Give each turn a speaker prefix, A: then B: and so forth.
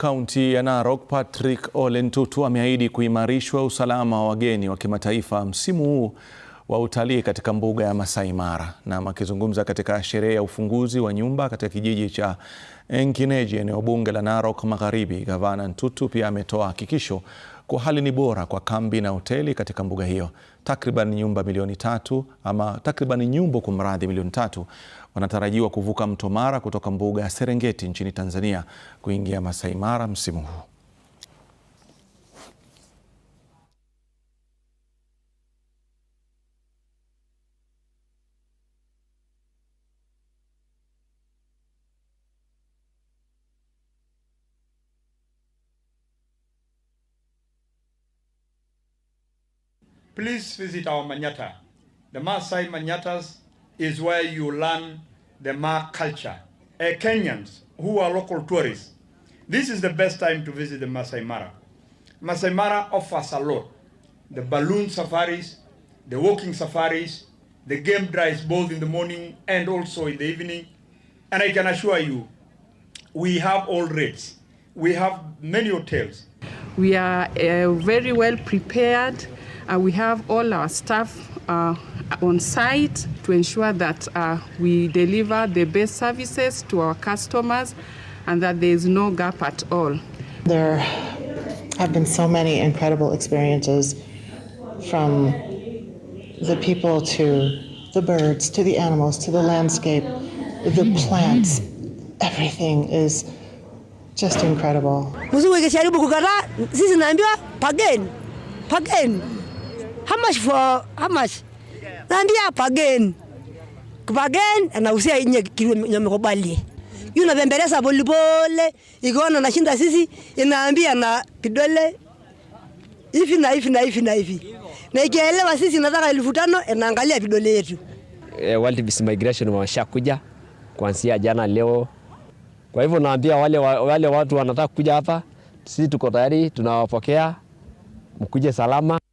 A: Kaunti ya Narok, Patrick Ole Ntutu ameahidi kuimarishwa usalama wa wageni wa kimataifa msimu huu wa utalii katika mbuga ya Masai Mara. Na akizungumza katika sherehe ya ufunguzi wa nyumba katika kijiji cha Enkineji, eneo bunge la Narok Magharibi, gavana Ntutu pia ametoa hakikisho kwa hali ni bora kwa kambi na hoteli katika mbuga hiyo. Takriban nyumba milioni tatu ama takriban nyumbu kwa mradhi milioni tatu wanatarajiwa kuvuka mto Mara kutoka mbuga ya Serengeti nchini Tanzania kuingia Masai Mara msimu huu.
B: please visit our Manyata. The Maasai Manyatas is where you learn the Ma culture. A uh, Kenyans who are local tourists, this is the best time to visit the Masai Mara. Masai Mara offers a lot. The balloon safaris, the walking safaris, the game drives both in the morning and also in the evening. And I can assure you, we have all rates. We have many hotels.
C: We are uh, very well prepared uh, we have all our staff uh, on site to ensure that uh, we deliver the best services to our customers and that there is no gap at all.
D: There have been so many incredible experiences from the people to the birds to the animals to the landscape, the mm. plants. Everything is just incredible.
E: Mzungu ikijaribu pageni, pageni. How much for how much? Nandi hapa again. Kwa again anausia yenye nyamekubali. Yule anabembeleza polepole, ikiona nashinda sisi inaambia na kidole hivi na hivi na hivi na hivi. Na ikielewa sisi nataka elfu tano inaangalia vidole yetu.
F: Eh, World Visa Migration wameshakuja kuanzia jana leo. Kwa hivyo naambia wale, wale watu wanataka kuja hapa, sisi tuko tayari, tunawapokea mkuje salama.